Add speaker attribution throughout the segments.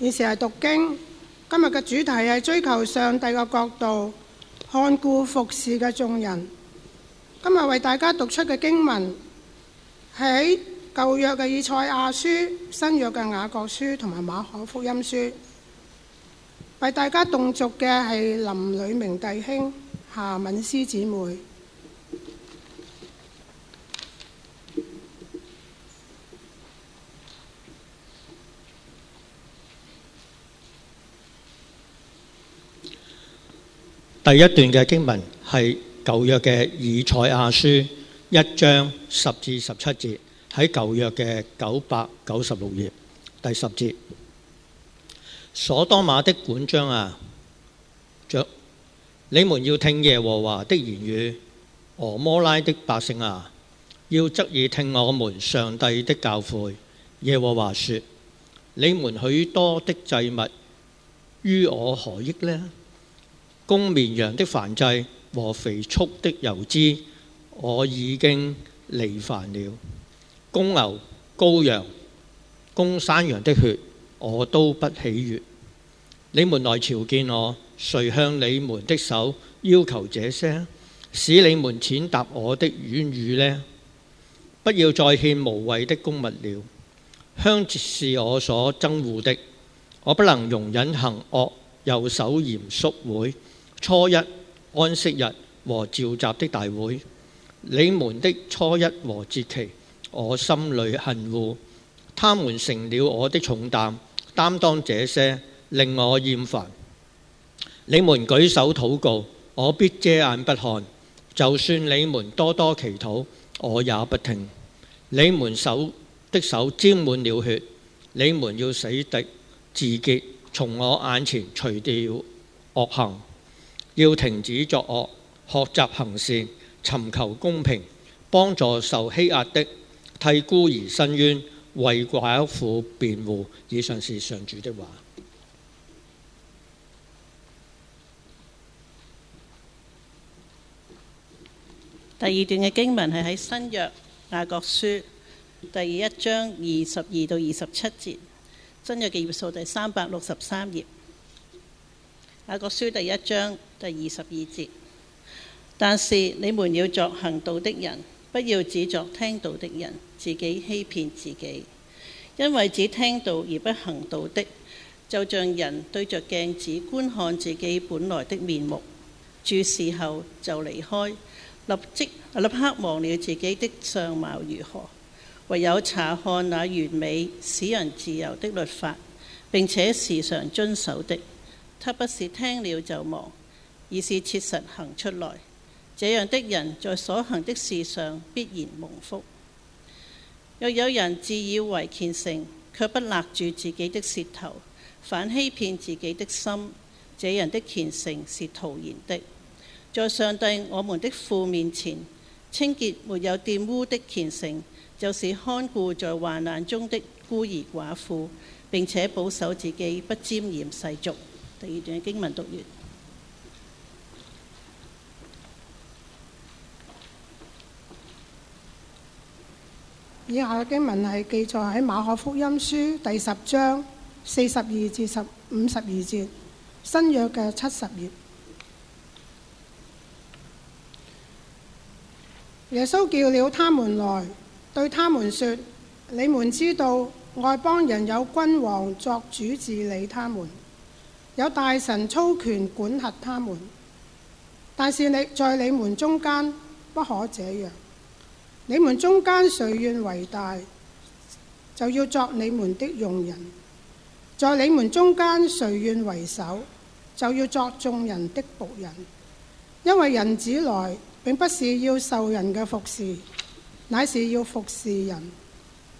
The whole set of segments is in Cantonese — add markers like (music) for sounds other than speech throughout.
Speaker 1: 以前係讀經，今日嘅主題係追求上帝嘅角度，看顧服侍嘅眾人。今日為大家讀出嘅經文喺舊約嘅以賽亞書、新約嘅雅各書同埋馬可福音書。為大家動作嘅係林旅明弟兄、夏敏思姊妹。
Speaker 2: 第一段嘅經文係舊約嘅以賽亞書一章十至十七節，喺舊約嘅九百九十六頁第十節。所多瑪的官長啊，著你們要聽耶和華的言語，俄摩拉的百姓啊，要側耳聽我們上帝的教誨。耶和華說：你們許多的祭物於我何益呢？公綿羊的燔祭和肥畜的油脂，我已經膩煩了。公牛、羔羊、公山羊的血，我都不喜悦。你們來朝見我，誰向你們的手要求這些，使你們踐踏我的院宇呢？不要再獻無謂的供物了。香是我所憎惡的，我不能容忍行惡，右手嚴肅會。初一安息日和召集的大會，你們的初一和節期，我心裏恨惡，他們成了我的重擔，擔當這些令我厭煩。你們舉手禱告，我必遮眼不看；就算你們多多祈禱，我也不聽。你們手的手沾滿了血，你們要死敵自潔，從我眼前除掉惡行。要停止作惡，學習行善，尋求公平，幫助受欺壓的，替孤兒申冤，為寡婦辯護。以上是上主的話。
Speaker 3: 第二段嘅經文係喺新約雅各書第一章二十二到二十七節，新約嘅頁數第三百六十三頁。雅各書第一章第二十二節，但是你們要作行道的人，不要只作聽道的人，自己欺騙自己。因為只聽道而不行道的，就像人對着鏡子觀看自己本來的面目，注視後就離開，立即立刻忘了自己的相貌如何。唯有查看那完美使人自由的律法，並且時常遵守的。他不是聽了就忘，而是切實行出來。這樣的人在所行的事上必然蒙福。若有人自以為虔誠，卻不勒住自己的舌頭，反欺騙自己的心，這人的虔誠是徒然的。在上帝我們的父面前，清潔沒有玷污的虔誠，就是看顧在患難中的孤兒寡婦，並且保守自己不沾染世俗。第二段
Speaker 1: 經文讀完。以下經文係記載喺馬可福音書第十章四十二至五十二節，新約嘅七十頁。耶穌叫了他們來，對他們説：你們知道外邦人有君王作主治理他們。有大臣操權管轄他們，但是你在你們中間不可這樣。你們中間誰願為大，就要作你們的用人；在你們中間誰願為首，就要作眾人的僕人。因為人子來，並不是要受人嘅服侍，乃是要服侍人，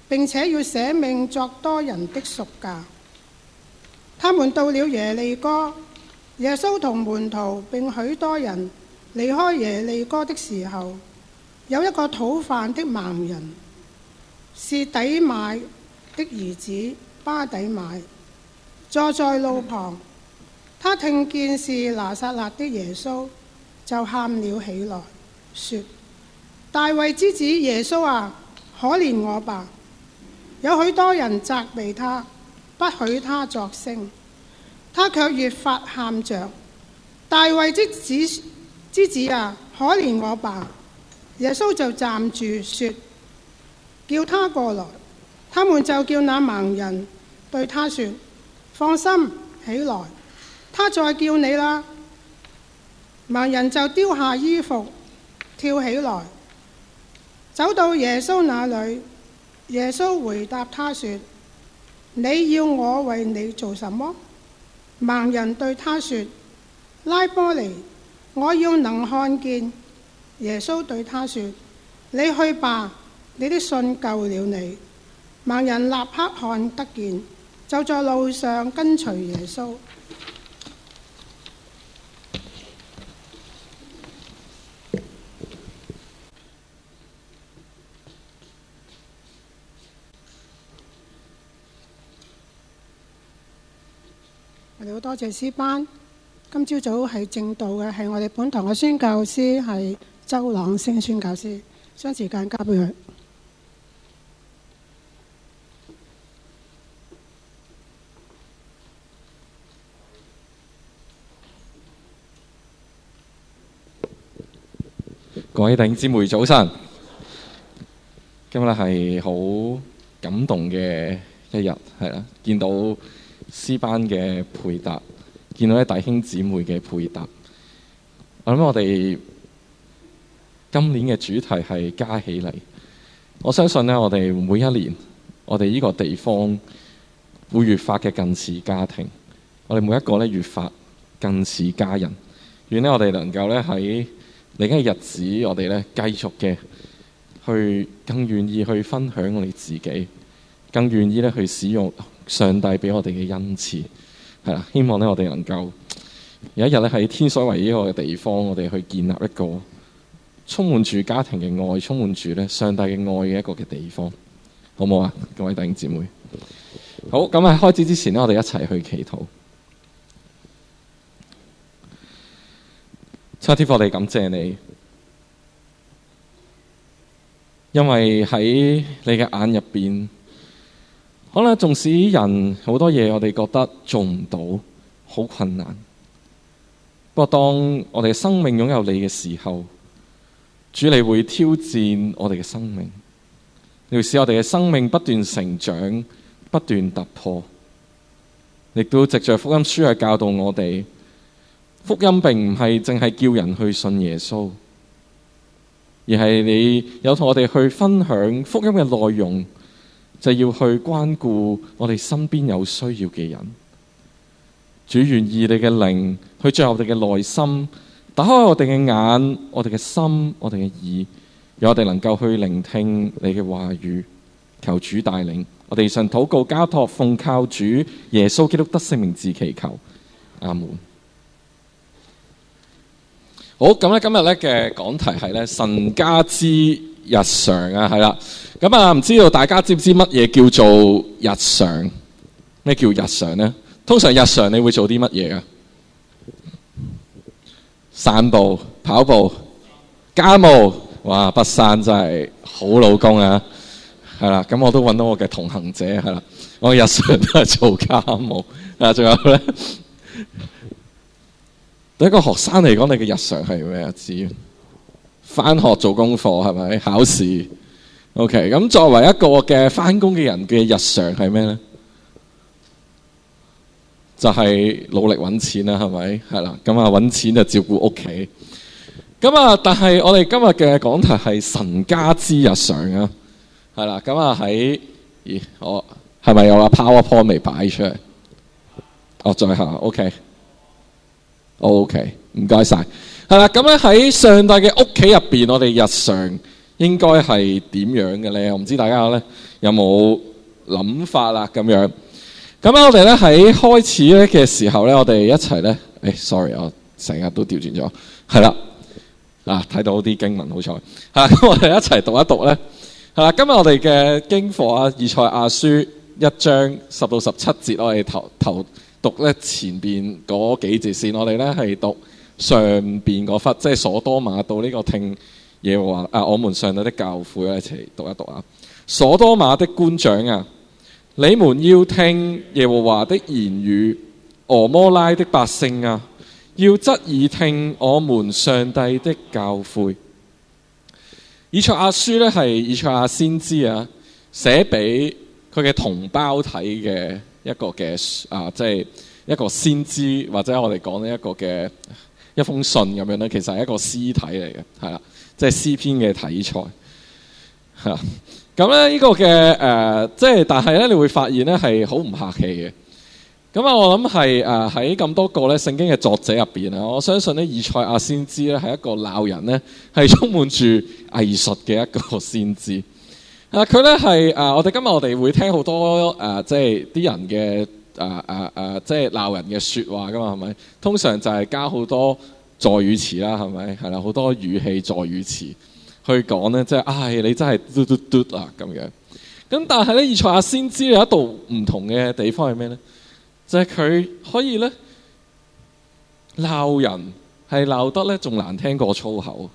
Speaker 1: 並且要捨命作多人的贖價。他們到了耶利哥，耶穌同門徒並許多人離開耶利哥的時候，有一個討飯的盲人，是底買的兒子巴底買，坐在路旁。他聽見是拿撒勒的耶穌，就喊了起來，說：大衛之子耶穌啊，可憐我吧！有許多人責備他。不許他作聲，他卻越發喊著：大衛之子之子啊，可憐我吧！耶穌就站住說：叫他過來。他們就叫那盲人對他說：放心起來，他再叫你啦。盲人就丟下衣服，跳起來，走到耶穌那裏。耶穌回答他說：你要我為你做什麼？盲人對他說：拉波尼！我要能看見。耶穌對他說：你去吧，你的信救了你。盲人立刻看得見，就在路上跟隨，跟隨耶穌。我哋好多謝師班。今朝早係正道嘅係我哋本堂嘅宣教師係鄒朗昇宣教師。將時間交俾佢。
Speaker 4: 各位弟兄姊妹早晨，今日係好感動嘅一日，係啦，見到。師班嘅配搭，見到啲弟兄姊妹嘅配搭，我諗我哋今年嘅主題係加起嚟。我相信呢，我哋每一年，我哋呢個地方會越發嘅近似家庭，我哋每一個咧越發近似家人。願呢，我哋能夠咧喺嚟緊嘅日子，我哋咧繼續嘅去更願意去分享我哋自己，更願意咧去使用，上帝俾我哋嘅恩賜，係啦，希望咧我哋能夠有一日咧喺天水圍呢個地方，我哋去建立一個充滿住家庭嘅愛，充滿住咧上帝嘅愛嘅一個嘅地方，好唔好啊，各位弟兄姊妹？好，咁喺開始之前呢，我哋一齊去祈禱。七天父我哋感謝你，因為喺你嘅眼入邊。好能，縱使人好多嘢，我哋覺得做唔到，好困難。不過當我哋嘅生命擁有你嘅時候，主，你會挑戰我哋嘅生命，又使我哋嘅生命不斷成長、不斷突破。亦都藉著福音書去教導我哋，福音並唔係淨係叫人去信耶穌，而係你有同我哋去分享福音嘅內容。就要去關顧我哋身邊有需要嘅人，主願意你嘅靈去進入我哋嘅內心，打開我哋嘅眼、我哋嘅心、我哋嘅耳，讓我哋能夠去聆聽你嘅話語，求主帶領我哋，上禱告交託奉靠主耶穌基督的聖名自祈求，阿門。好，咁咧今日咧嘅講題係咧神家之日常啊，係啦，咁啊，唔、嗯嗯、知道大家知唔知乜嘢叫做日常？咩叫日常呢？通常日常你會做啲乜嘢啊？散步、跑步、家務，哇！北山真係好老公啊，係啦、啊。咁、嗯、我都揾到我嘅同行者，係啦、啊。我日常都係做家務啊，仲、嗯、有咧。 (laughs) 對一個學生嚟講，你嘅日常係咩日子？返學做功課係咪？考試，OK。咁作為一個嘅返工嘅人嘅日常係咩咧？就係、是、努力搵錢啦，係咪？係啦，咁啊搵錢就照顧屋企。咁啊，但係我哋今日嘅講題係神家之日常啊。係啦，咁啊喺，咦、欸，我係咪有 PowerPoint 未擺出嚟？哦、oh,，再下，OK。O K，唔該晒。係啦、okay。咁咧喺上帝嘅屋企入邊，我哋日常應該係點樣嘅咧？我唔知大家咧有冇諗法啦咁樣。咁、哎、啊，我哋咧喺開始咧嘅時候咧，我哋一齊咧，誒，sorry，我成日都調轉咗，係啦，嗱，睇到啲經文好彩，嚇，咁我哋一齊讀一讀咧，係啦，今日我哋嘅經課啊，以賽亞書一章十到十七節，我哋頭頭。頭讀咧前邊嗰幾節先，我哋咧係讀上邊嗰忽，即係所多瑪到呢個聽耶和華啊，我們上帝的教誨咧，一齊讀一讀啊！所多瑪的官長啊，你們要聽耶和華的言語；俄摩拉的百姓啊，要側耳聽我們上帝的教誨。以賽亞書咧係以賽亞先知啊，寫俾佢嘅同胞睇嘅。一個嘅啊，即係一個先知，或者我哋講呢一個嘅一封信咁樣咧，其實係一個詩體嚟嘅，係啦，即係詩篇嘅體裁。吓。咁咧呢個嘅誒、呃，即係但係咧你會發現咧係好唔客氣嘅。咁啊，我諗係誒喺咁多個咧聖經嘅作者入邊啊，我相信咧以賽亞先知咧係一個鬧人咧，係充滿住藝術嘅一個先知。啊！佢咧係啊，我哋今日我哋會聽好多誒，即係啲人嘅啊啊啊，即係鬧人嘅説、啊啊、話噶嘛，係咪？通常就係加好多助語詞啦，係咪？係啦，好多語氣助語詞去講咧，即係唉、哎，你真係嘟嘟嘟啊咁樣。咁但係咧，以賽亞先知有一度唔同嘅地方係咩咧？就係、是、佢可以咧鬧人係鬧得咧仲難聽過粗口。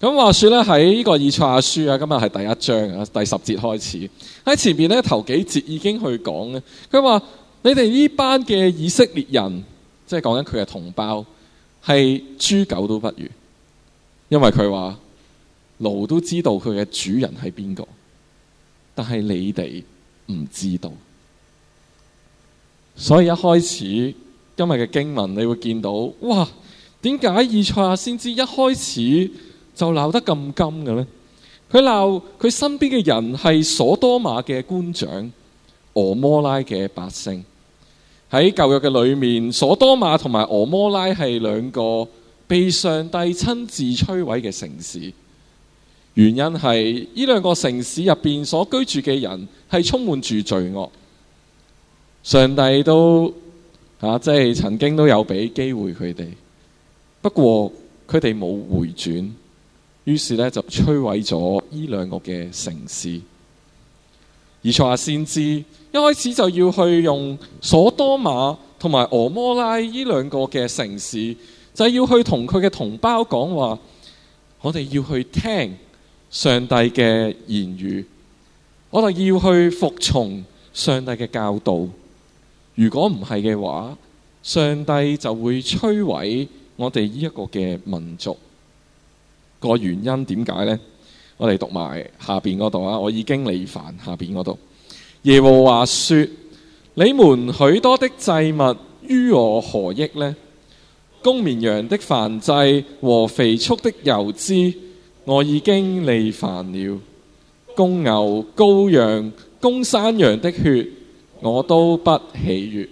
Speaker 4: 咁話説咧，喺呢個《以賽亞書》啊，今日係第一章啊，第十節開始喺前邊咧。頭幾節已經去講咧，佢話你哋呢班嘅以色列人，即係講緊佢嘅同胞，係豬狗都不如，因為佢話驢都知道佢嘅主人係邊個，但係你哋唔知道，所以一開始今日嘅經文，你會見到哇，點解以賽亞先知一開始就鬧得咁甘嘅呢？佢鬧佢身邊嘅人係所多瑪嘅官長、俄摩拉嘅百姓。喺舊約嘅裏面，所多瑪同埋俄摩拉係兩個被上帝親自摧毀嘅城市。原因係呢兩個城市入邊所居住嘅人係充滿住罪惡。上帝都啊，即係曾經都有俾機會佢哋，不過佢哋冇回轉。於是咧就摧毀咗依兩個嘅城市，而塞亞先知一開始就要去用所多瑪同埋俄摩拉呢兩個嘅城市，就係要去同佢嘅同胞講話，我哋要去聽上帝嘅言語，我哋要去服從上帝嘅教導。如果唔係嘅話，上帝就會摧毀我哋呢一個嘅民族。個原因點解呢？我哋讀埋下邊嗰度啊！我已經膩煩下邊嗰度。耶和華說：你們許多的祭物於我何益呢？公綿羊的燔祭和肥畜的油脂，我已經膩煩了。公牛、羔羊、公山羊的血，我都不喜悦。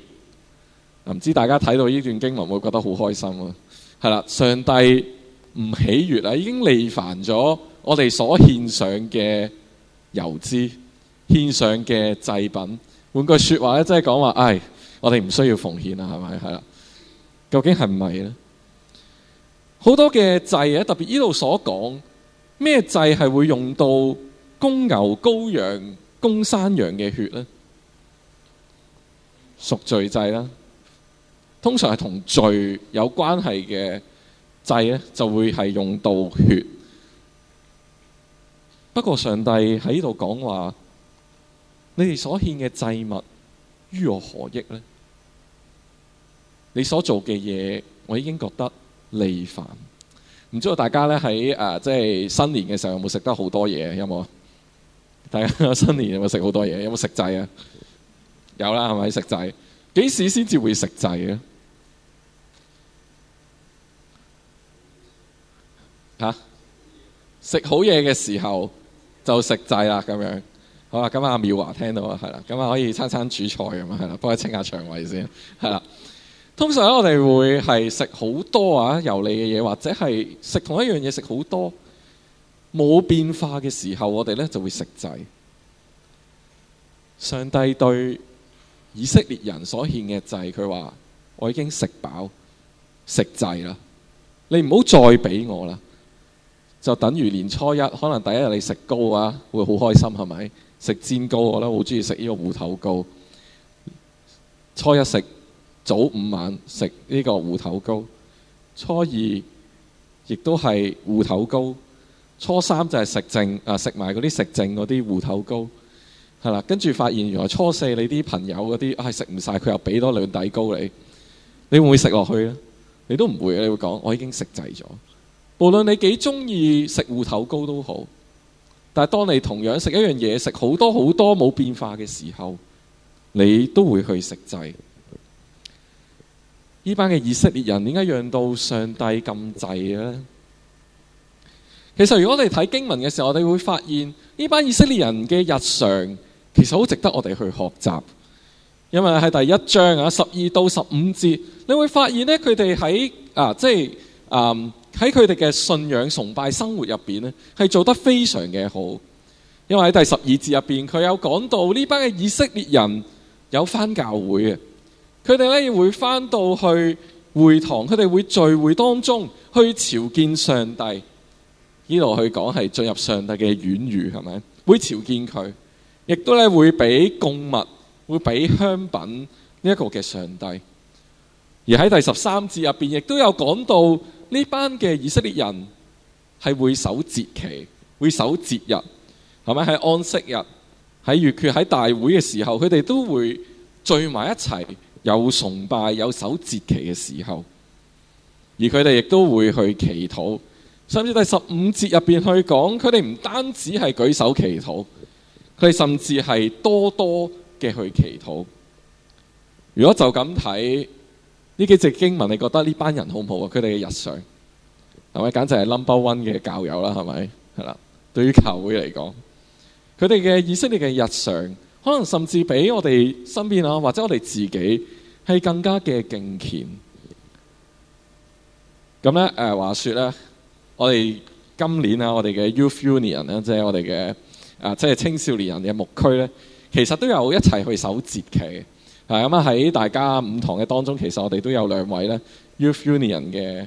Speaker 4: 啊，唔知大家睇到呢段經文會唔會覺得好開心啊。係啦，啊，上帝。唔喜悅啦！已經厭煩咗我哋所獻上嘅油脂、獻上嘅祭品。換句説話咧，即係講話，唉，我哋唔需要奉獻啦，係咪？係啦，究竟係唔係咧？好多嘅祭啊，特別呢度所講咩祭係會用到公牛、羔羊、公山羊嘅血咧？贖罪祭啦，通常係同罪有關係嘅。祭咧就會係用到血，不過上帝喺呢度講話：你哋所獻嘅祭物於我何益呢？你所做嘅嘢，我已經覺得利煩。唔知道大家咧喺誒，即係新年嘅時候有冇食得好多嘢？有冇？大家新年有冇食好多嘢？有冇食祭啊？有啦，係咪食祭？幾時先至會食祭咧？吓食、啊、好嘢嘅時候就食滯啦咁樣，好啊！咁阿妙華聽到啊，係啦，咁啊可以餐餐煮菜咁樣，係啦，幫佢清下腸胃先，係啦。通常我哋會係食好多啊油膩嘅嘢，或者係食同一樣嘢食好多冇變化嘅時候我呢，我哋咧就會食滯。上帝對以色列人所獻嘅祭，佢話：我已經食飽食滯啦，你唔好再俾我啦。就等於年初一，可能第一日你食糕啊，會好開心係咪？食煎糕，我都好中意食呢個芋頭糕。初一食早午晚食呢個芋頭糕，初二亦都係芋頭糕，初三就係食剩啊，食埋嗰啲食剩嗰啲芋頭糕係啦。跟住發現原來初四你啲朋友嗰啲係食唔晒，佢又俾多兩底糕你，你會唔會食落去咧？你都唔會，你會講我已經食滯咗。無論你幾中意食芋頭糕都好，但係當你同樣食一樣嘢食好多好多冇變化嘅時候，你都會去食滯。呢班嘅以色列人點解讓到上帝咁滯呢？其實，如果你睇經文嘅時候，我哋會發現呢班以色列人嘅日常其實好值得我哋去學習，因為喺第一章啊，十二到十五節，你會發現呢，佢哋喺啊，即係嗯。喺佢哋嘅信仰崇拜生活入邊呢係做得非常嘅好。因為喺第十二節入邊，佢有講到呢班嘅以色列人有翻教會嘅，佢哋呢會翻到去會堂，佢哋會聚會當中去朝見上帝。呢度去講係進入上帝嘅院宇，係咪？會朝見佢，亦都咧會俾供物，會俾香品呢一個嘅上帝。而喺第十三節入邊，亦都有講到。呢班嘅以色列人係會守節期，會守節日，係咪？喺安息日、喺月缺、喺大會嘅時候，佢哋都會聚埋一齊，有崇拜，有守節期嘅時候，而佢哋亦都會去祈禱。甚至第十五節入邊去講，佢哋唔單止係舉手祈禱，佢哋甚至係多多嘅去祈禱。如果就咁睇，呢幾隻經文，你覺得呢班人好唔好啊？佢哋嘅日常，係咪簡直係 number one 嘅教友啦？係咪？係啦。對於教會嚟講，佢哋嘅以色列嘅日常，可能甚至比我哋身邊啊，或者我哋自己係更加嘅敬虔。咁咧，誒、呃、話説咧，我哋今年啊，我哋嘅 Youth Union 咧，即係我哋嘅啊，即、就、係、是、青少年人嘅牧區咧，其實都有一齊去守節期。係咁啊！喺大家五堂嘅當中，其實我哋都有兩位咧，Youth Union 嘅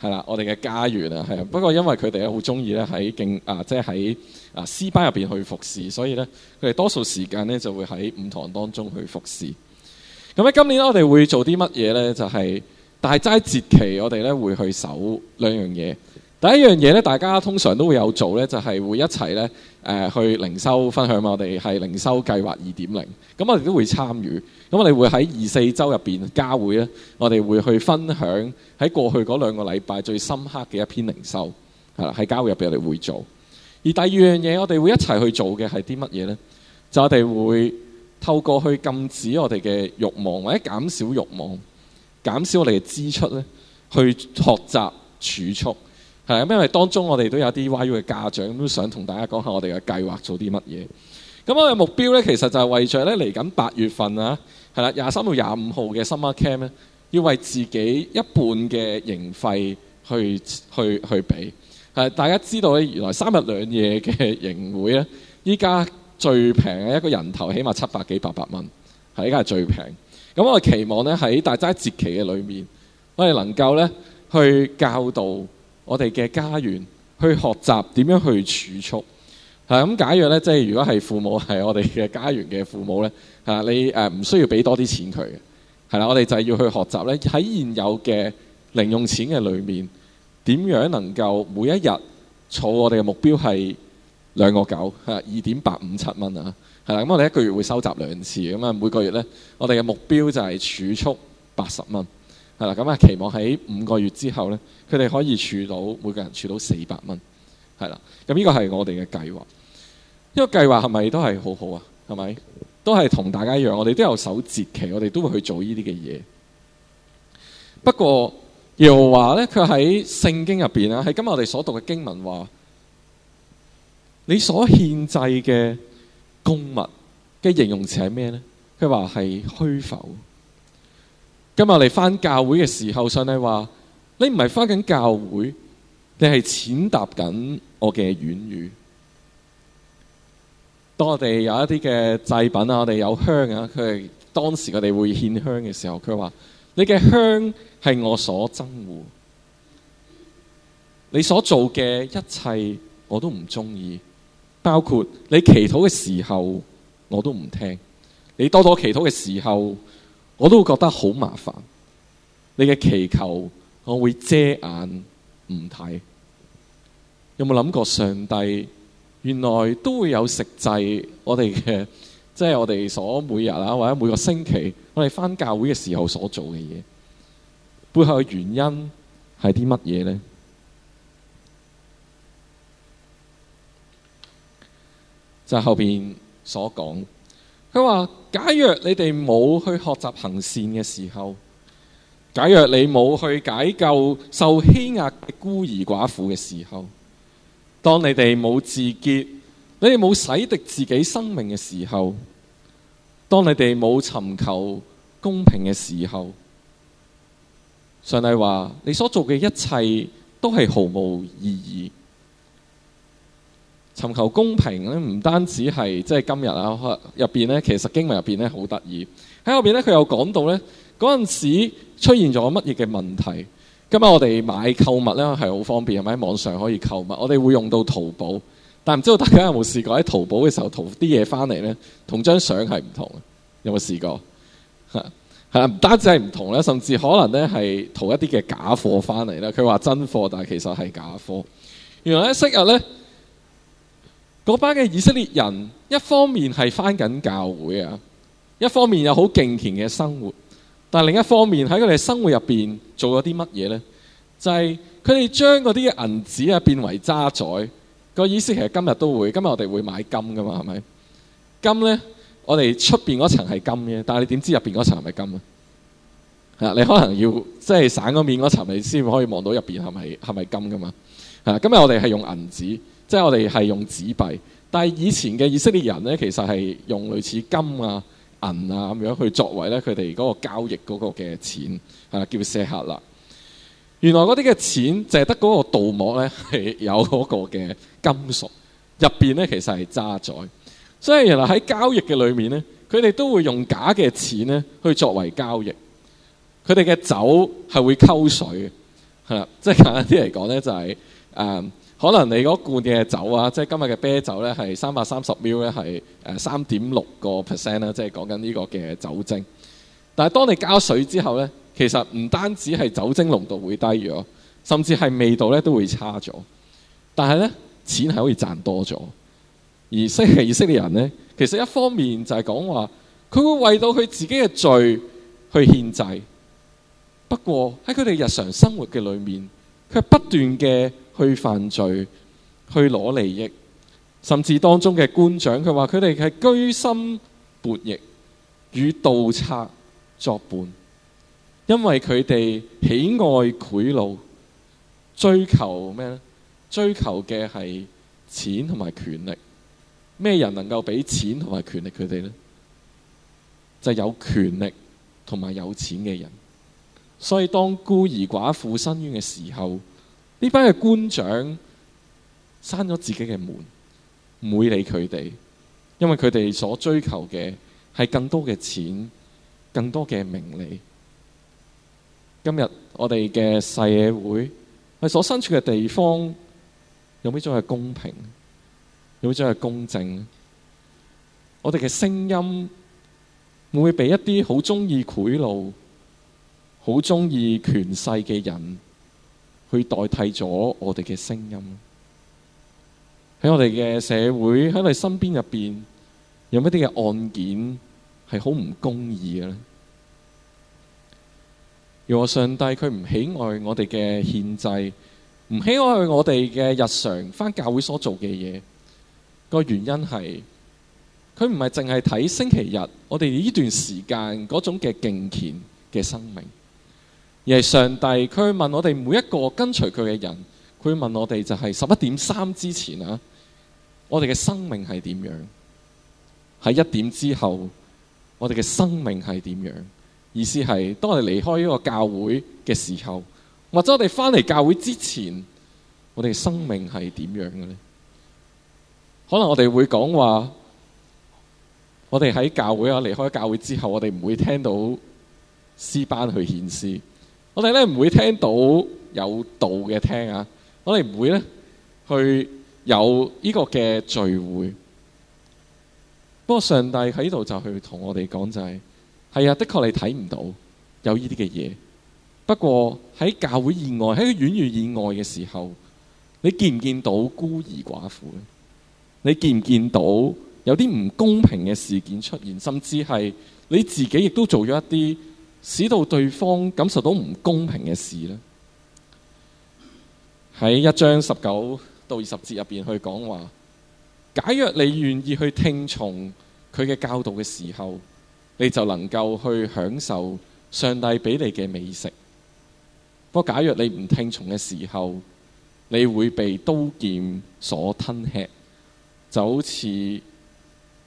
Speaker 4: 係啦，我哋嘅家員啊，係。不過因為佢哋咧，好中意咧，喺競啊，即係喺啊私班入邊去服侍，所以咧，佢哋多數時間咧就會喺五堂當中去服侍。咁喺今年我哋會做啲乜嘢咧？就係、是、大齋節期，我哋咧會去守兩樣嘢。第一樣嘢咧，大家通常都會有做咧，就係、是、會一齊咧，誒去靈修分享。我哋係靈修計劃二點零，咁我哋都會參與。咁我哋會喺二四週入邊教會咧，我哋會去分享喺過去嗰兩個禮拜最深刻嘅一篇靈修，係啦喺教會入邊我哋會做。而第二樣嘢，我哋會一齊去做嘅係啲乜嘢呢？就我哋會透過去禁止我哋嘅慾望，或者減少慾望，減少我哋嘅支出咧，去學習儲蓄。係咁，因為當中我哋都有啲 YU 嘅家長都想同大家講下我哋嘅計劃做啲乜嘢。咁我嘅目標咧，其實就係為咗咧嚟緊八月份啊，係啦，廿三到廿五號嘅 Summer Camp 咧，要為自己一半嘅營費去去去俾係。大家知道咧，原來三日兩夜嘅營會咧，依家最平嘅一個人頭起碼七百幾八百蚊係。依家係最平咁，我期望咧喺大齋節期嘅裡面，我哋能夠咧去教導。我哋嘅家園去學習點樣去儲蓄，係咁假若咧，即係如果係父母係我哋嘅家園嘅父母咧，嚇你誒唔需要俾多啲錢佢嘅，係啦，我哋就係要去學習咧喺現有嘅零用錢嘅裏面，點樣能夠每一日儲我哋嘅目標係兩個九嚇二點八五七蚊啊，係啦，咁我哋一個月會收集兩次咁啊，每個月咧我哋嘅目標就係儲蓄八十蚊。係啦，咁啊期望喺五個月之後咧，佢哋可以儲到每個人儲到四百蚊，係啦，咁、這、呢個係我哋嘅計劃。呢、這個計劃係咪都係好好啊？係咪都係同大家一樣？我哋都有守節期，我哋都會去做呢啲嘅嘢。不過耶和華咧，佢喺聖經入邊啊，喺今日我哋所讀嘅經文話，你所獻祭嘅供物嘅形容詞係咩咧？佢話係虛浮。今日我哋翻教會嘅時候，上帝話：你唔係翻緊教會，你係踐踏緊我嘅軟語。當我哋有一啲嘅祭品啊，我哋有香啊，佢哋當時我哋會獻香嘅時候，佢話：你嘅香係我所憎惡，你所做嘅一切我都唔中意，包括你祈禱嘅時候我都唔聽，你多多祈禱嘅時候。我都會覺得好麻煩，你嘅祈求我會遮眼唔睇。有冇諗過上帝原來都會有食祭我哋嘅，即係我哋所每日啊或者每個星期我哋翻教會嘅時候所做嘅嘢，背後嘅原因係啲乜嘢咧？就係後邊所講。佢話：假若你哋冇去學習行善嘅時候，假若你冇去解救受欺壓嘅孤兒寡婦嘅時候，當你哋冇自潔，你哋冇洗滌自己生命嘅時候，當你哋冇尋求公平嘅時候，上帝話：你所做嘅一切都係毫無意義。尋求公平咧，唔單止係即係今日啊！入邊咧，其實經文入邊咧好得意。喺後邊咧，佢又講到咧，嗰陣時出現咗乜嘢嘅問題。今日我哋買購物咧係好方便，係咪？喺網上可以購物，我哋會用到淘寶。但唔知道大家有冇試過喺淘寶嘅時候淘啲嘢翻嚟咧，同張相係唔同。有冇試過？嚇係啦，唔單止係唔同咧，甚至可能咧係淘一啲嘅假貨翻嚟咧。佢話真貨，但係其實係假貨。原來咧，昔日咧。嗰班嘅以色列人，一方面係翻緊教會啊，一方面又好敬虔嘅生活，但係另一方面喺佢哋生活入邊做咗啲乜嘢呢？就係佢哋將嗰啲銀紙啊變為渣滓。個意思其實今日都會，今日我哋會買金噶嘛？係咪？金呢？我哋出邊嗰層係金嘅，但係你點知入邊嗰層係咪金啊？你可能要即係省嗰面嗰層，你先可以望到入邊係咪係咪金噶嘛？吓，今日我哋係用銀紙。即係我哋係用紙幣，但係以前嘅以色列人呢，其實係用類似金啊、銀啊咁樣去作為呢佢哋嗰個交易嗰個嘅錢啊，叫舍客勒。原來嗰啲嘅錢淨係得嗰個鍍膜呢，係有嗰個嘅金屬入邊呢，其實係渣載。所以原來喺交易嘅裏面呢，佢哋都會用假嘅錢呢去作為交易。佢哋嘅酒係會溝水嘅，係啦。即係簡單啲嚟講呢，就係、係、誒。嗯可能你嗰罐嘅酒啊，即係今日嘅啤酒呢，係三百三十 ml 呢，係，誒三點六個 percent 啦，即係講緊呢個嘅酒精。但係當你加水之後呢，其實唔單止係酒精濃度會低咗，甚至係味道呢都會差咗。但係呢，錢係可以賺多咗。而以色列人呢，其實一方面就係講話，佢會為到佢自己嘅罪去獻祭。不過喺佢哋日常生活嘅裏面，佢不斷嘅。去犯罪，去攞利益，甚至當中嘅官長，佢話佢哋係居心悖逆，與盜賊作伴，因為佢哋喜愛賄賂，追求咩呢？追求嘅係錢同埋權力。咩人能夠俾錢同埋權力佢哋呢，就係有權力同埋有錢嘅人。所以當孤兒寡婦伸冤嘅時候，呢班嘅官長閂咗自己嘅門，唔會理佢哋，因為佢哋所追求嘅係更多嘅錢、更多嘅名利。今日我哋嘅社會，我哋所身處嘅地方，有咩咁嘅公平？有咩咁嘅公正？我哋嘅聲音會唔會俾一啲好中意賄賂、好中意權勢嘅人？佢代替咗我哋嘅聲音，喺我哋嘅社會，喺我哋身邊入邊，有乜啲嘅案件係好唔公義嘅咧？若話上帝佢唔喜愛我哋嘅獻祭，唔喜愛我哋嘅日常，翻教會所做嘅嘢，個原因係佢唔係淨係睇星期日，我哋呢段時間嗰種嘅敬虔嘅生命。而係上帝，佢問我哋每一個跟隨佢嘅人，佢問我哋就係十一點三之前啊，我哋嘅生命係點樣？喺一點之後，我哋嘅生命係點樣？意思係當我哋離開呢個教會嘅時候，或者我哋翻嚟教會之前，我哋嘅生命係點樣嘅咧？可能我哋會講話，我哋喺教會啊，離開教會之後，我哋唔會聽到詩班去獻詩。」我哋咧唔會聽到有道嘅聽啊，我哋唔會咧去有呢個嘅聚會。不過上帝喺度就去同我哋講就係、是，係啊的，的確你睇唔到有呢啲嘅嘢。不過喺教會以外，喺個遠遇以外嘅時候，你見唔見到孤兒寡婦？你見唔見到有啲唔公平嘅事件出現，甚至係你自己亦都做咗一啲？使到對方感受到唔公平嘅事呢，喺一章十九到二十節入邊去講話。假若你願意去聽從佢嘅教導嘅時候，你就能夠去享受上帝俾你嘅美食。不過，假若你唔聽從嘅時候，你會被刀劍所吞吃，就好似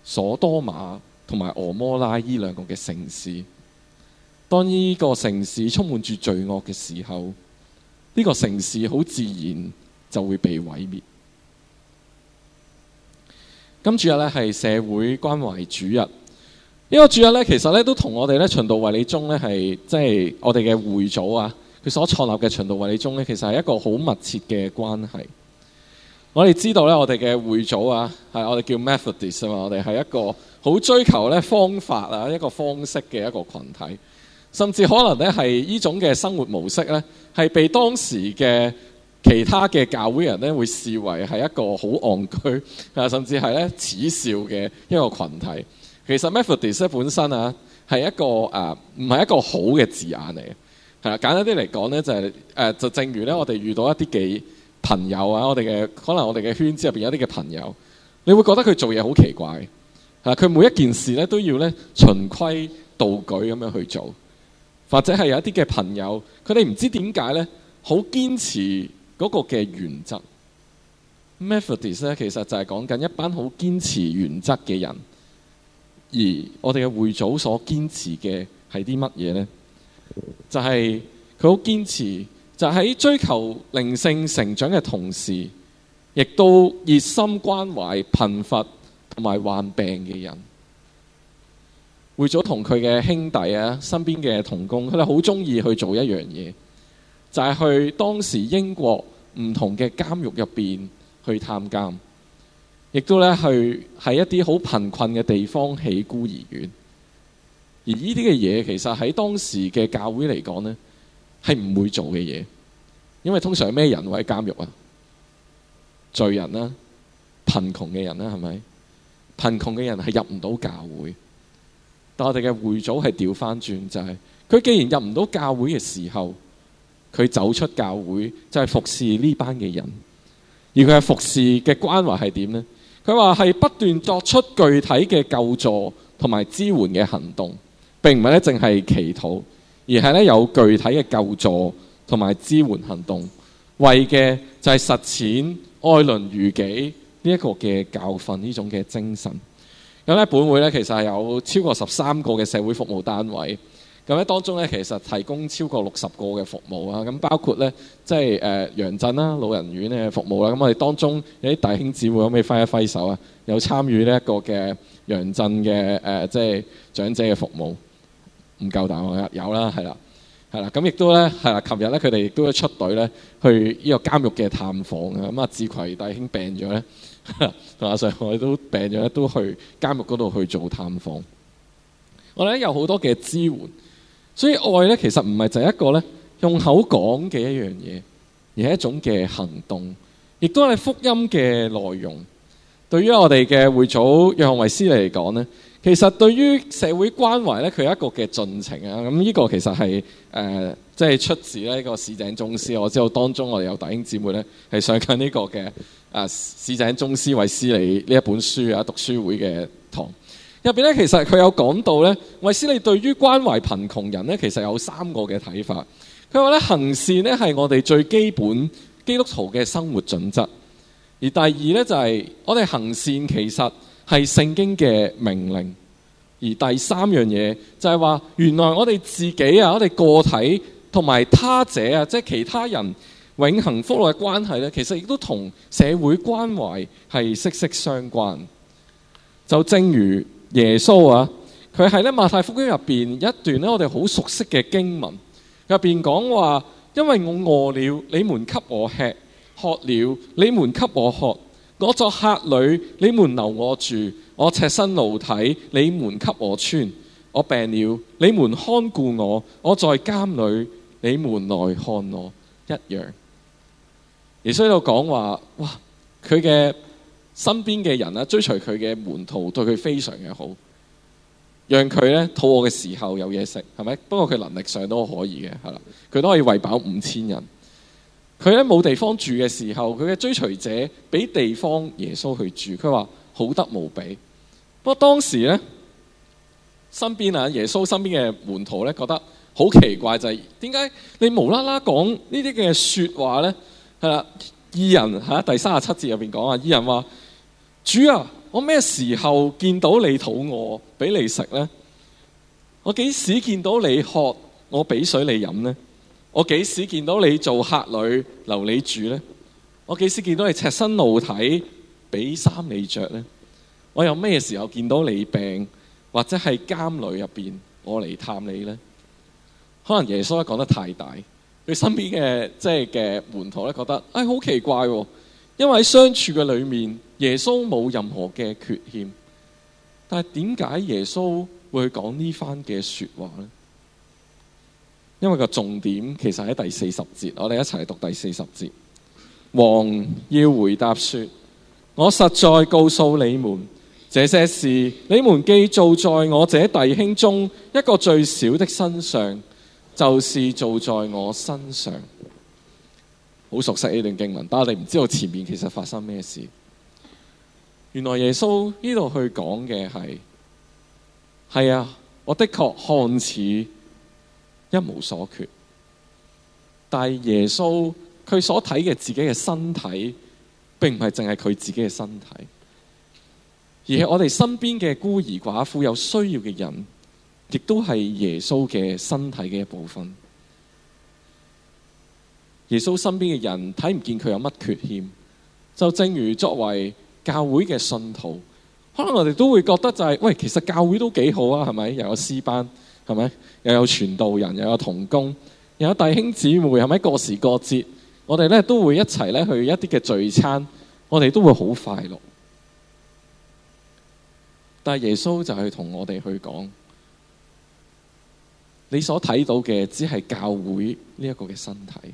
Speaker 4: 索多瑪同埋俄摩拉依兩個嘅城市。當呢個城市充滿住罪惡嘅時候，呢個城市好自然就會被毀滅。今主日咧係社會關懷主日，呢個主日咧其實咧都同我哋咧循道衛理宗咧係即係我哋嘅會組啊，佢所創立嘅循道衛理宗咧，其實係一個好密切嘅關係。我哋知道咧，我哋嘅會組啊，係我哋叫 Methodist 啊嘛，我哋係一個好追求咧方法啊，一個方式嘅一個群體。甚至可能咧，係呢種嘅生活模式咧，係被當時嘅其他嘅教會人咧，會視為係一個好戇居啊，甚至係咧恥笑嘅一個群體。其實 Methodist 本身啊，係一個啊，唔、呃、唔係一個好嘅字眼嚟嘅。係啦，簡單啲嚟講咧，就係誒，就正如咧，我哋遇到一啲嘅朋友啊，我哋嘅可能我哋嘅圈子入邊有啲嘅朋友，你會覺得佢做嘢好奇怪，係佢每一件事咧都要咧循規蹈矩咁樣去做。或者係有一啲嘅朋友，佢哋唔知點解呢，好堅持嗰個嘅原則。Methodist 其實就係講緊一班好堅持原則嘅人。而我哋嘅會組所堅持嘅係啲乜嘢呢？就係佢好堅持，就喺、是、追求靈性成長嘅同時，亦都熱心關懷貧乏同埋患病嘅人。會咗同佢嘅兄弟啊，身邊嘅同工，佢哋好中意去做一樣嘢，就係去當時英國唔同嘅監獄入邊去探監，亦都咧去喺一啲好貧困嘅地方起孤兒院。而呢啲嘅嘢，其實喺當時嘅教會嚟講呢，係唔會做嘅嘢，因為通常咩人會喺監獄啊？罪人啦，貧窮嘅人啦，係咪？貧窮嘅人係入唔到教會。但我哋嘅會組係調翻轉，就係、是、佢既然入唔到教會嘅時候，佢走出教會就係服侍呢班嘅人。而佢係服侍嘅關懷係點呢？佢話係不斷作出具體嘅救助同埋支援嘅行動，並唔係咧淨係祈禱，而係咧有具體嘅救助同埋支援行動，為嘅就係實踐愛鄰如己呢一個嘅教訓呢種嘅精神。咁咧本會咧其實係有超過十三個嘅社會服務單位，咁咧當中咧其實提供超過六十個嘅服務啊，咁包括咧即係誒、呃、楊震啦、老人院嘅服務啦，咁我哋當中有啲大兄姊妹可唔可以揮一揮手啊？有參與呢一個嘅楊震嘅誒即係長者嘅服務，唔夠膽啊，有啦，係啦，係啦，咁亦都咧係啦，琴日咧佢哋亦都出隊咧去呢個監獄嘅探訪，咁啊志葵大兄病咗咧。同 (laughs) 阿 Sir，我哋都病咗咧，都去監獄嗰度去做探訪。我哋咧有好多嘅支援，所以愛咧其實唔係就一個咧用口講嘅一樣嘢，而係一種嘅行動，亦都係福音嘅內容。對於我哋嘅會祖約翰衛斯理嚟講咧，其實對於社會關懷咧，佢有一個嘅進程啊。咁呢個其實係誒，即、呃、係、就是、出自呢個市井宗師。我知道當中我哋有弟兄姊妹咧係上緊呢個嘅。啊！市井宗師韋斯利呢一本書啊，讀書會嘅堂入邊咧，面其實佢有講到咧，韋斯利對於關懷貧窮人咧，其實有三個嘅睇法。佢話咧，行善咧係我哋最基本基督徒嘅生活準則。而第二咧就係我哋行善其實係聖經嘅命令。而第三樣嘢就係話，原來我哋自己啊，我哋個體同埋他者啊，即係其他人。永恆福樂嘅關係呢，其實亦都同社會關懷係息息相關。就正如耶穌啊，佢係咧馬太福音入邊一段咧，我哋好熟悉嘅經文，入邊講話：因為我餓了，你們給我吃；渴了，你們給我喝；我作客旅，你們留我住；我赤身露體，你們給我穿；我病了，你們看顧我；我在監裏，你們來看我一樣。耶穌喺度講話，哇！佢嘅身邊嘅人咧，追隨佢嘅門徒對佢非常嘅好，讓佢咧肚餓嘅時候有嘢食，係咪？不過佢能力上都可以嘅，係啦，佢都可以餵飽五千人。佢咧冇地方住嘅時候，佢嘅追隨者俾地方耶穌去住。佢話好得無比。不過當時咧，身邊啊，耶穌身邊嘅門徒咧，覺得好奇怪就係點解你無啦啦講呢啲嘅說話咧？係啦，義人吓，第三十七節入邊講啊，義人話：主啊，我咩時候見到你肚餓，俾你食呢？我幾時見到你渴，我俾水你飲呢？我幾時見到你做客旅，留你住呢？我幾時見到你赤身露體，俾衫你着呢？我又咩時候見到你病，或者係監裡入邊，我嚟探你呢？可能耶穌講得太大。佢身邊嘅即係嘅門徒咧，覺得唉、哎、好奇怪、哦，因為喺相處嘅裏面，耶穌冇任何嘅缺欠。但係點解耶穌會講呢番嘅說話呢？因為個重點其實喺第四十節，我哋一齊讀第四十節。王要回答說：我實在告訴你們，這些事你們既做在我這弟兄中一個最小的身上。就是做在我身上，好熟悉呢段經文，但係你唔知道前面其實發生咩事。原來耶穌呢度去講嘅係，係啊，我的確看似一無所缺，但係耶穌佢所睇嘅自己嘅身體，並唔係淨係佢自己嘅身體，而係我哋身邊嘅孤兒寡婦有需要嘅人。亦都係耶穌嘅身體嘅一部分。耶穌身邊嘅人睇唔見佢有乜缺陷，就正如作為教會嘅信徒，可能我哋都會覺得就係、是、喂，其實教會都幾好啊，係咪？又有詩班，係咪？又有，有傳道人，又有，有同工，又有，有弟兄姊妹，係咪？過時過節，我哋咧都會一齊咧去一啲嘅聚餐，我哋都會好快樂。但係耶穌就係同我哋去講。你所睇到嘅只係教會呢一個嘅身體，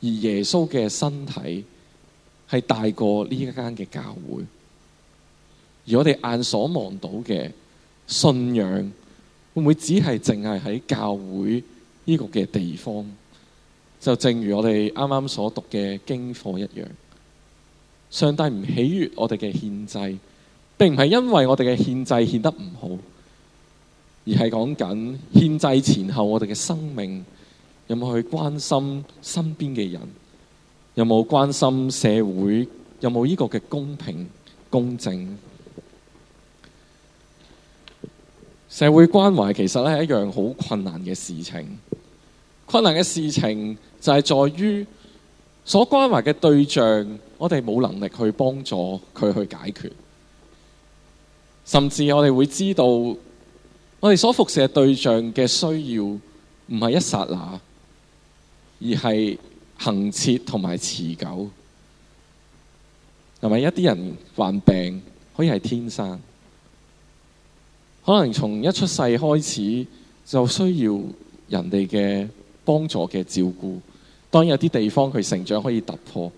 Speaker 4: 而耶穌嘅身體係大過呢一間嘅教會，而我哋眼所望到嘅信仰，會唔會只係淨係喺教會呢個嘅地方？就正如我哋啱啱所讀嘅經課一樣，上帝唔喜悅我哋嘅獻祭，並唔係因為我哋嘅獻祭獻得唔好。而係講緊獻祭前後我哋嘅生命，有冇去關心身邊嘅人，有冇關心社會，有冇呢個嘅公平公正？社會關懷其實咧係一樣好困難嘅事情。困難嘅事情就係在於所關懷嘅對象，我哋冇能力去幫助佢去解決，甚至我哋會知道。我哋所服事對象嘅需要唔係一剎那，而係恆切同埋持久。係咪？一啲人患病可以係天生，可能從一出世開始就需要人哋嘅幫助嘅照顧。當然有啲地方佢成長可以突破，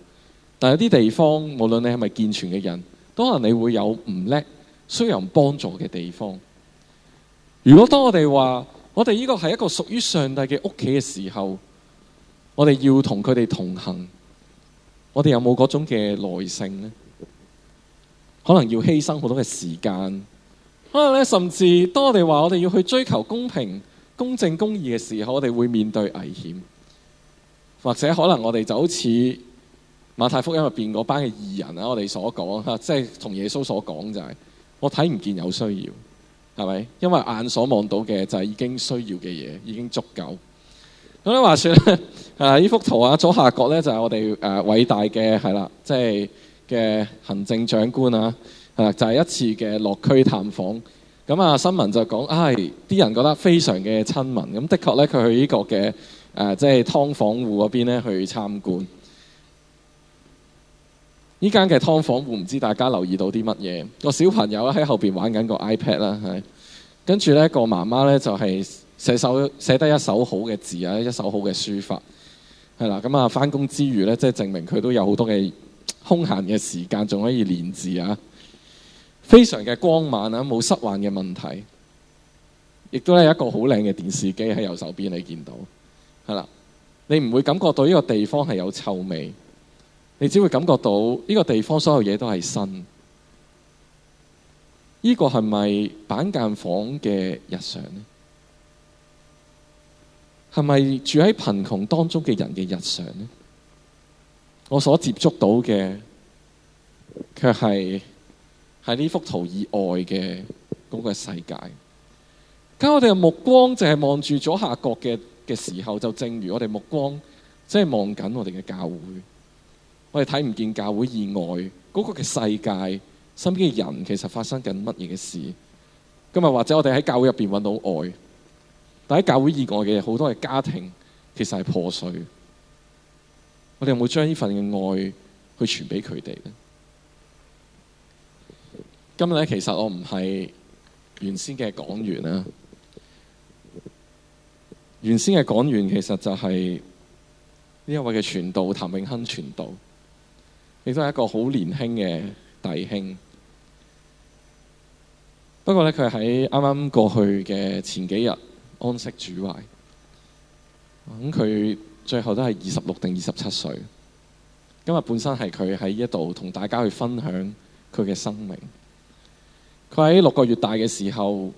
Speaker 4: 但有啲地方無論你係咪健全嘅人，都可能你會有唔叻，需要人幫助嘅地方。如果當我哋話我哋呢個係一個屬於上帝嘅屋企嘅時候，我哋要同佢哋同行，我哋有冇嗰種嘅耐性咧？可能要犧牲好多嘅時間，可能咧甚至當我哋話我哋要去追求公平、公正、公義嘅時候，我哋會面對危險，或者可能我哋就好似馬太福音入邊嗰班嘅義人啊，我哋所講吓，即係同耶穌所講就係、是，我睇唔見有需要。係咪？因為眼所望到嘅就係已經需要嘅嘢，已經足夠。咁樣話説咧，啊，呢幅圖啊，左下角咧就係我哋誒偉大嘅係啦，即係嘅行政長官啊，啊係啦就係一次嘅落區探訪。咁啊新聞就講，唉，啲人覺得非常嘅親民。咁的確咧，佢去呢個嘅誒即係劏房戶嗰邊咧去參觀。呢間嘅湯房，唔知大家留意到啲乜嘢？個小朋友喺後邊玩緊個 iPad 啦，係跟住呢個媽媽呢，就係、是、寫手寫得一手好嘅字啊，一手好嘅書法係啦。咁啊，返工之餘呢，即係證明佢都有好多嘅空閒嘅時間，仲可以練字啊。非常嘅光猛啊，冇失環嘅問題，亦都係一個好靚嘅電視機喺右手邊，你見到係啦。你唔會感覺到呢個地方係有臭味。你只會感覺到呢個地方所有嘢都係新，呢個係咪板間房嘅日常呢？係咪住喺貧窮當中嘅人嘅日常呢？我所接觸到嘅，卻係喺呢幅圖以外嘅嗰個世界。咁我哋嘅目光淨係望住左下角嘅嘅時候，就正如我哋目光即係望緊我哋嘅教會。我哋睇唔見教會以外嗰個嘅世界，身邊嘅人其實發生緊乜嘢嘅事？今日或者我哋喺教會入邊揾到愛，但喺教會以外嘅好多嘅家庭，其實係破碎。我哋有冇將呢份嘅愛去傳俾佢哋咧？今日咧，其實我唔係原先嘅講員啊。原先嘅講員其實就係呢一位嘅傳道譚永亨傳道。亦都係一個好年輕嘅弟兄，不過咧佢喺啱啱過去嘅前幾日安息主懷，咁佢最後都係二十六定二十七歲。今日本身係佢喺呢一度同大家去分享佢嘅生命。佢喺六個月大嘅時候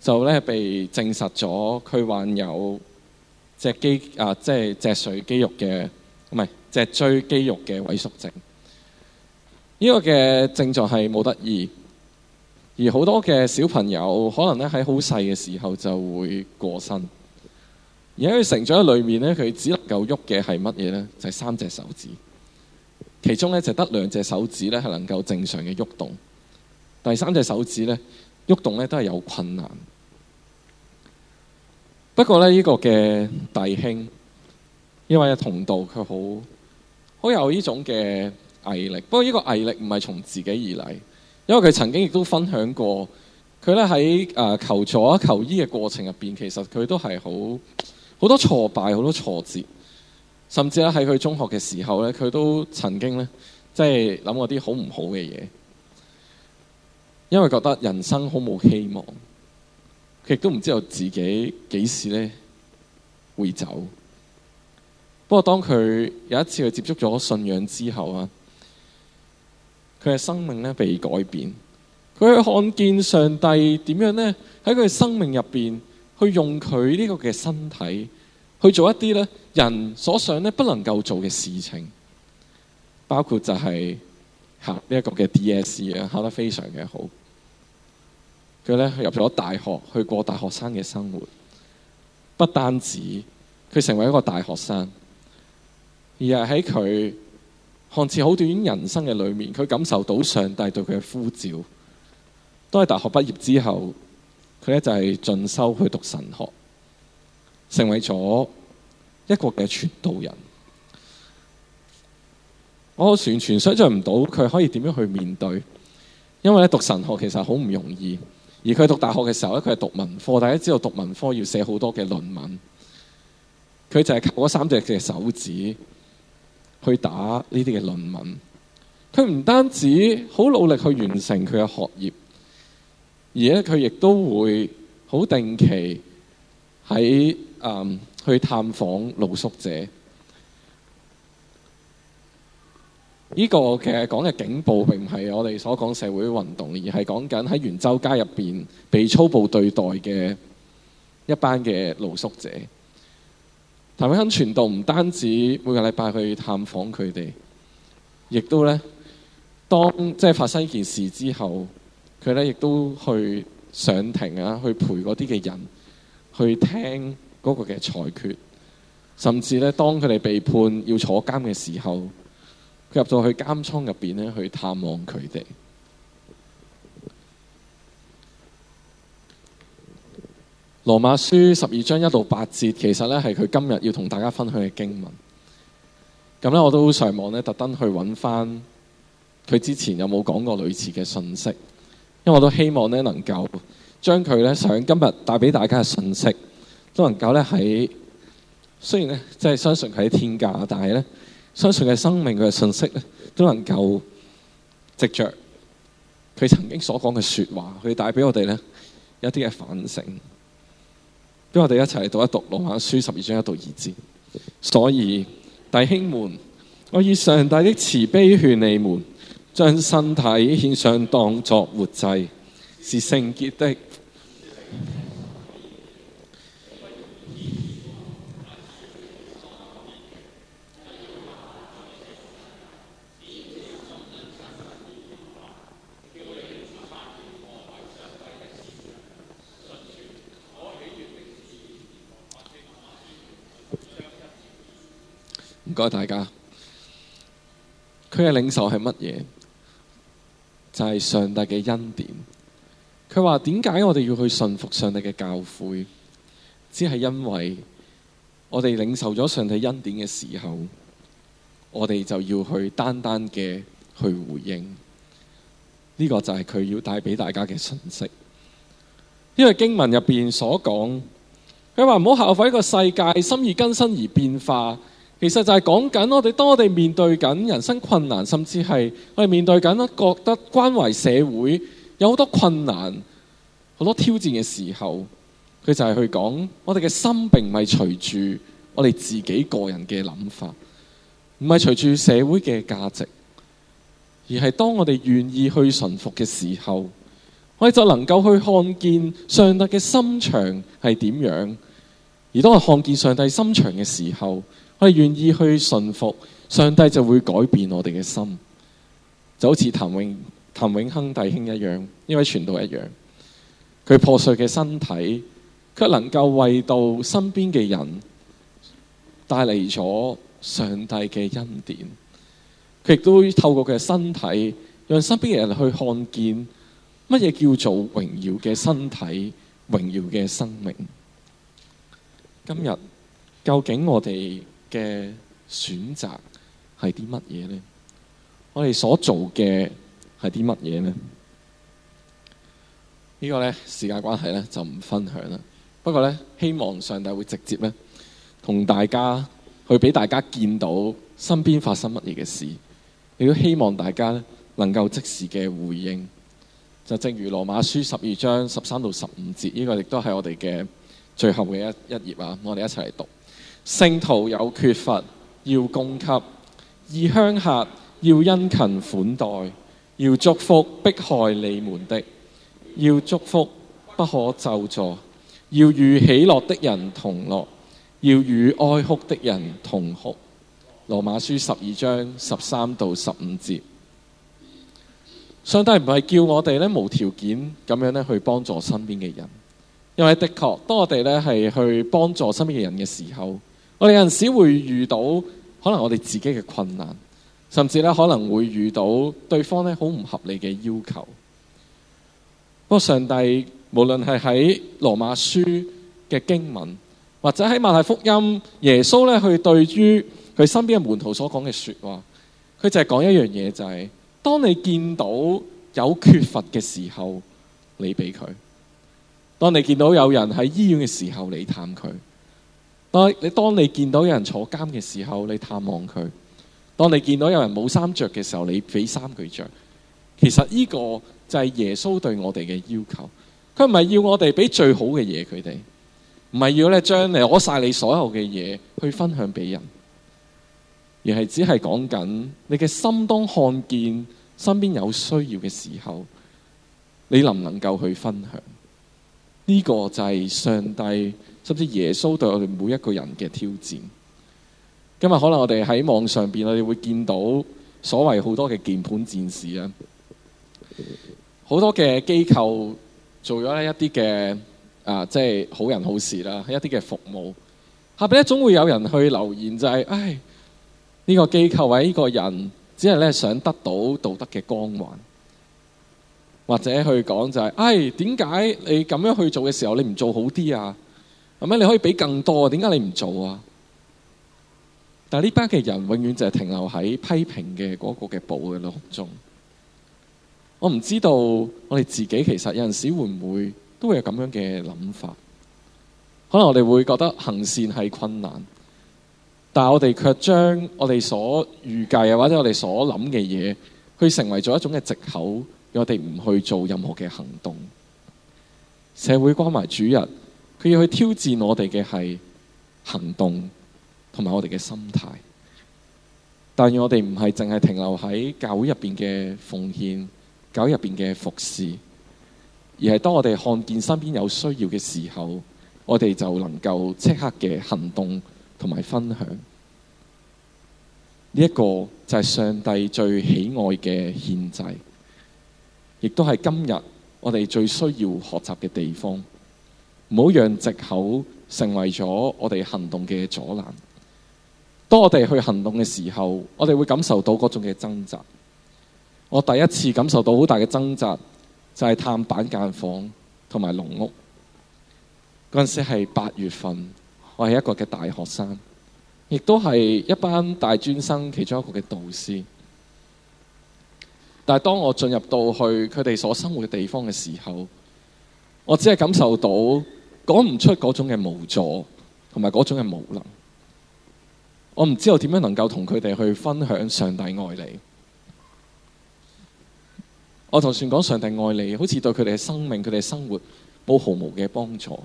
Speaker 4: 就咧被證實咗佢患有脊肌啊，即係脊髓肌肉嘅唔係。脊椎肌肉嘅萎縮症，呢個嘅症狀係冇得意，而好多嘅小朋友可能咧喺好細嘅時候就會過身，而喺佢成長裏面呢，佢只能夠喐嘅係乜嘢呢？就係三隻手指，其中呢，就得兩隻手指咧係能夠正常嘅喐動，第三隻手指呢喐動呢都係有困難。不過呢，呢個嘅弟兄，呢位同道佢好。好有呢種嘅毅力，不過呢個毅力唔係從自己而嚟，因為佢曾經亦都分享過，佢咧喺誒求助啊求醫嘅過程入邊，其實佢都係好好多挫敗，好多挫折，甚至咧喺佢中學嘅時候咧，佢都曾經咧即係諗過啲好唔好嘅嘢，因為覺得人生好冇希望，佢亦都唔知道自己幾時咧會走。不過當佢有一次去接觸咗信仰之後啊，佢嘅生命咧被改變，佢係看見上帝點樣咧喺佢嘅生命入邊去用佢呢個嘅身體去做一啲咧人所想咧不能夠做嘅事情，包括就係考呢一個嘅 DSE 啊，考得非常嘅好。佢咧入咗大學去過大學生嘅生活，不單止佢成為一個大學生。而係喺佢看似好短人生嘅裏面，佢感受到上帝對佢嘅呼召。都係大學畢業之後，佢咧就係、是、進修去讀神學，成為咗一個嘅傳道人。我完全想像唔到佢可以點樣去面對，因為咧讀神學其實好唔容易。而佢讀大學嘅時候咧，佢係讀文科，大家知道讀文科要寫好多嘅論文，佢就係靠嗰三隻嘅手指。去打呢啲嘅論文，佢唔單止好努力去完成佢嘅學業，而且佢亦都會好定期喺，嗯，去探訪露宿者。呢、呢個其實講嘅警暴並唔係我哋所講社會運動，而係講緊喺圓洲街入邊被粗暴對待嘅一班嘅露宿者。譚詠麟傳道唔單止每個禮拜去探訪佢哋，亦都咧當即係發生一件事之後，佢咧亦都去上庭啊，去陪嗰啲嘅人去聽嗰個嘅裁決，甚至咧當佢哋被判要坐監嘅時候，佢入到去監倉入邊咧去探望佢哋。羅馬書十二章一到八節，其實咧係佢今日要同大家分享嘅經文。咁咧，我都上網咧特登去揾翻佢之前有冇講過類似嘅信息，因為我都希望咧能夠將佢咧想今日帶俾大家嘅信息都能夠咧喺雖然咧即係相信佢係天價，但係咧相信嘅生命佢嘅信息咧都能夠藉着佢曾經所講嘅說話，佢帶俾我哋咧一啲嘅反省。俾我哋一齊讀一讀《羅馬書》十二章一到二節。所以弟兄們，我以上帝的慈悲勸你們，將身體獻上，當作活祭，是聖潔的。大家，佢嘅領受係乜嘢？就係、是、上帝嘅恩典。佢話，點解我哋要去信服上帝嘅教誨？只係因為我哋領受咗上帝恩典嘅時候，我哋就要去單單嘅去回應呢、這個就係佢要帶俾大家嘅信息。因、這、為、個、經文入邊所講，佢話唔好效法，一個世界心意更新而變化。其實就係講緊，我哋當我哋面對緊人生困難，甚至係我哋面對緊覺得關懷社會有好多困難，好多挑戰嘅時候，佢就係去講我哋嘅心並唔係隨住我哋自己個人嘅諗法，唔係隨住社會嘅價值，而係當我哋願意去順服嘅時候，我哋就能夠去看見上帝嘅心腸係點樣。而當我看見上帝心腸嘅時候，我哋願意去順服上帝，就會改變我哋嘅心，就好似譚詠譚詠亨弟兄一樣，呢位傳道一樣，佢破碎嘅身體，卻能夠為到身邊嘅人帶嚟咗上帝嘅恩典。佢亦都會透過佢嘅身體，讓身邊嘅人去看見乜嘢叫做榮耀嘅身體、榮耀嘅生命。今日究竟我哋嘅選擇係啲乜嘢呢？我哋所做嘅係啲乜嘢呢？呢個呢時間關係呢，就唔分享啦。不過呢，希望上帝會直接呢同大家去俾大家見到身邊發生乜嘢嘅事。亦都希望大家呢能夠即時嘅回應。就正如羅馬書十二章十三到十五節，呢個亦都係我哋嘅最後嘅一頁啊！我哋一齊嚟讀。聖徒有缺乏要供給，異鄉客要殷勤款待，要祝福迫害你們的，要祝福不可咒詛，要與喜樂的人同樂，要與哀哭的人同哭。羅馬書十二章十三到十五節，上帝唔係叫我哋咧無條件咁樣咧去幫助身邊嘅人，因為的確當我哋咧係去幫助身邊嘅人嘅時候。我哋有陣時會遇到可能我哋自己嘅困難，甚至咧可能會遇到對方咧好唔合理嘅要求。不過上帝無論係喺羅馬書嘅經文，或者喺馬太福音，耶穌咧去對於佢身邊嘅門徒所講嘅說話，佢就係講一樣嘢，就係、是、當你見到有缺乏嘅時候，你俾佢；當你見到有人喺醫院嘅時候，你探佢。當你當見到有人坐監嘅時候，你探望佢；當你見到有人冇衫着嘅時候，你俾衫佢着。其實呢個就係耶穌對我哋嘅要求。佢唔係要我哋俾最好嘅嘢佢哋，唔係要咧將你攞晒你所有嘅嘢去分享俾人，而係只係講緊你嘅心。當看見身邊有需要嘅時候，你能唔能夠去分享？呢個就係上帝。甚至耶穌對我哋每一個人嘅挑戰。今日可能我哋喺網上邊，我哋會見到所謂好多嘅鍵盤戰士啊，好多嘅機構做咗一啲嘅啊，即係好人好事啦，一啲嘅服務，下邊咧總會有人去留言，就係唉，呢個機構或者呢個人，只係咧想得到道德嘅光環，或者去講就係唉，點解你咁樣去做嘅時候，你唔做好啲啊？咁咧，你可以俾更多，點解你唔做啊？但係呢班嘅人永遠就係停留喺批評嘅嗰個嘅寶嘅當中。我唔知道，我哋自己其實有陣時會唔會都會有咁樣嘅諗法？可能我哋會覺得行善係困難，但係我哋卻將我哋所預計啊或者我哋所諗嘅嘢，去成為咗一種嘅借口，我哋唔去做任何嘅行動。社會關懷主日。佢要去挑戰我哋嘅係行動，同埋我哋嘅心態。但願我哋唔係淨係停留喺教會入邊嘅奉獻、教會入邊嘅服侍，而係當我哋看見身邊有需要嘅時候，我哋就能夠即刻嘅行動同埋分享。呢、這、一個就係上帝最喜愛嘅獻祭，亦都係今日我哋最需要學習嘅地方。唔好讓藉口成為咗我哋行動嘅阻攔。當我哋去行動嘅時候，我哋會感受到嗰種嘅掙扎。我第一次感受到好大嘅掙扎，就係、是、探板間房同埋籠屋。嗰陣時係八月份，我係一個嘅大學生，亦都係一班大專生其中一個嘅導師。但係當我進入到去佢哋所生活嘅地方嘅時候，我只係感受到。講唔出嗰種嘅無助，同埋嗰種嘅無能。我唔知道點樣能夠同佢哋去分享上帝愛你。我就算講上帝愛你，好似對佢哋嘅生命、佢哋嘅生活，冇毫無嘅幫助。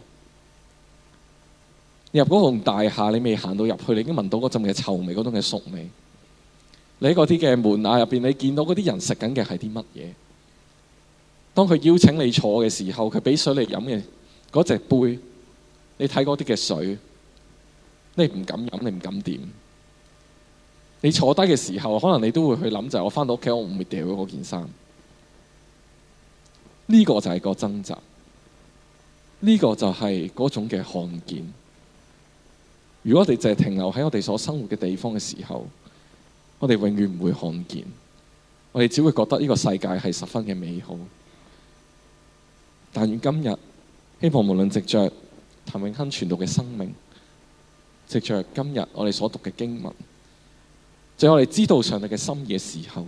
Speaker 4: 入嗰棟大廈，你未行到入去，你已經聞到嗰陣嘅臭味，嗰種嘅熟味。你喺嗰啲嘅門啊入邊，你見到嗰啲人食緊嘅係啲乜嘢？當佢邀請你坐嘅時候，佢俾水你飲嘅。嗰隻杯，你睇嗰啲嘅水，你唔敢飲，你唔敢掂。你坐低嘅時候，可能你都會去諗，就係我返到屋企，我唔會掉嗰件衫。呢個就係個掙扎，呢個就係嗰種嘅看見。如果我哋淨係停留喺我哋所生活嘅地方嘅時候，我哋永遠唔會看見，我哋只會覺得呢個世界係十分嘅美好。但願今日。希望無論藉着譚永亨傳道嘅生命，藉著今日我哋所讀嘅經文，在我哋知道上帝嘅心意嘅時候，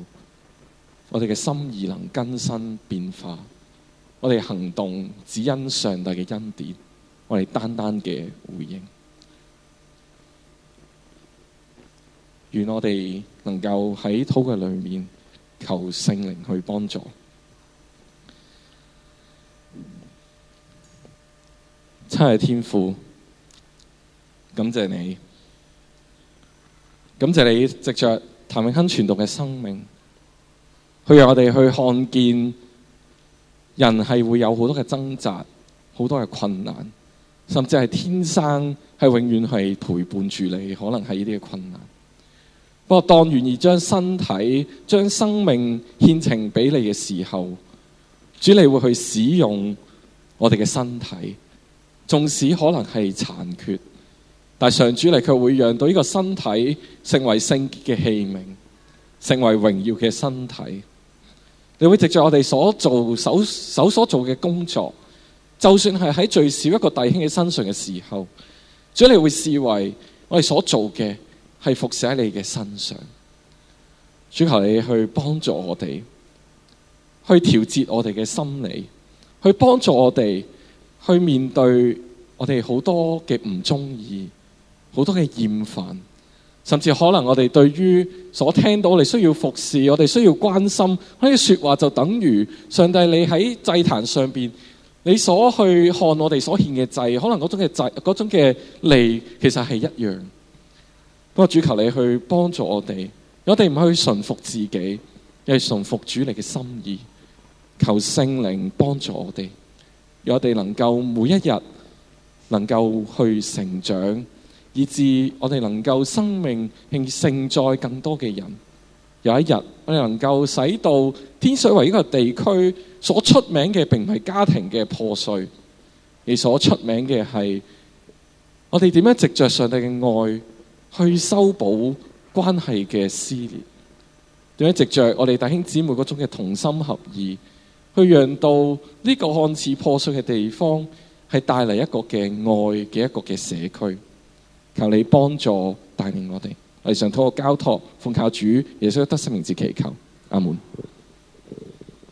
Speaker 4: 我哋嘅心意能更新變化，我哋行動只因上帝嘅恩典，我哋單單嘅回應。願我哋能夠喺禱告裏面求聖靈去幫助。真係天父，感謝你，感謝你，藉着譚詠康傳道嘅生命，去讓我哋去看見人係會有好多嘅掙扎，好多嘅困難，甚至係天生係永遠係陪伴住你，可能係呢啲嘅困難。不過當願意將身體、將生命獻呈俾你嘅時候，主你會去使用我哋嘅身體。縱使可能係殘缺，但係上主嚟，佢會讓到呢個身體成為聖潔嘅器皿，成為榮耀嘅身體。你會藉著我哋所做、手手所做嘅工作，就算係喺最少一個弟兄嘅身上嘅時候，主你會視為我哋所做嘅係服侍喺你嘅身上。主求你去幫助我哋，去調節我哋嘅心理，去幫助我哋。去面對我哋好多嘅唔中意，好多嘅厭煩，甚至可能我哋對於所聽到你需要服侍，我哋需要關心，呢啲說話就等於上帝。你喺祭壇上邊，你所去看我哋所獻嘅祭，可能嗰種嘅祭，嗰種嘅禮，其實係一樣。我主求你去幫助我哋，我哋唔去順服自己，而係順服主你嘅心意。求聖靈幫助我哋。我哋能夠每一日能夠去成長，以致我哋能夠生命興盛在更多嘅人。有一日我哋能夠使到天水圍呢個地區所出名嘅，並唔係家庭嘅破碎，而所出名嘅係我哋點樣藉着上帝嘅愛去修補關係嘅撕裂。點樣藉着我哋弟兄姊妹嗰種嘅同心合意，去讓到呢個看似破碎嘅地方，係帶嚟一個嘅愛嘅一個嘅社區。求你幫助帶領我哋，嚟上天我想透過交託，奉靠主耶穌基督聖名字祈求，阿門。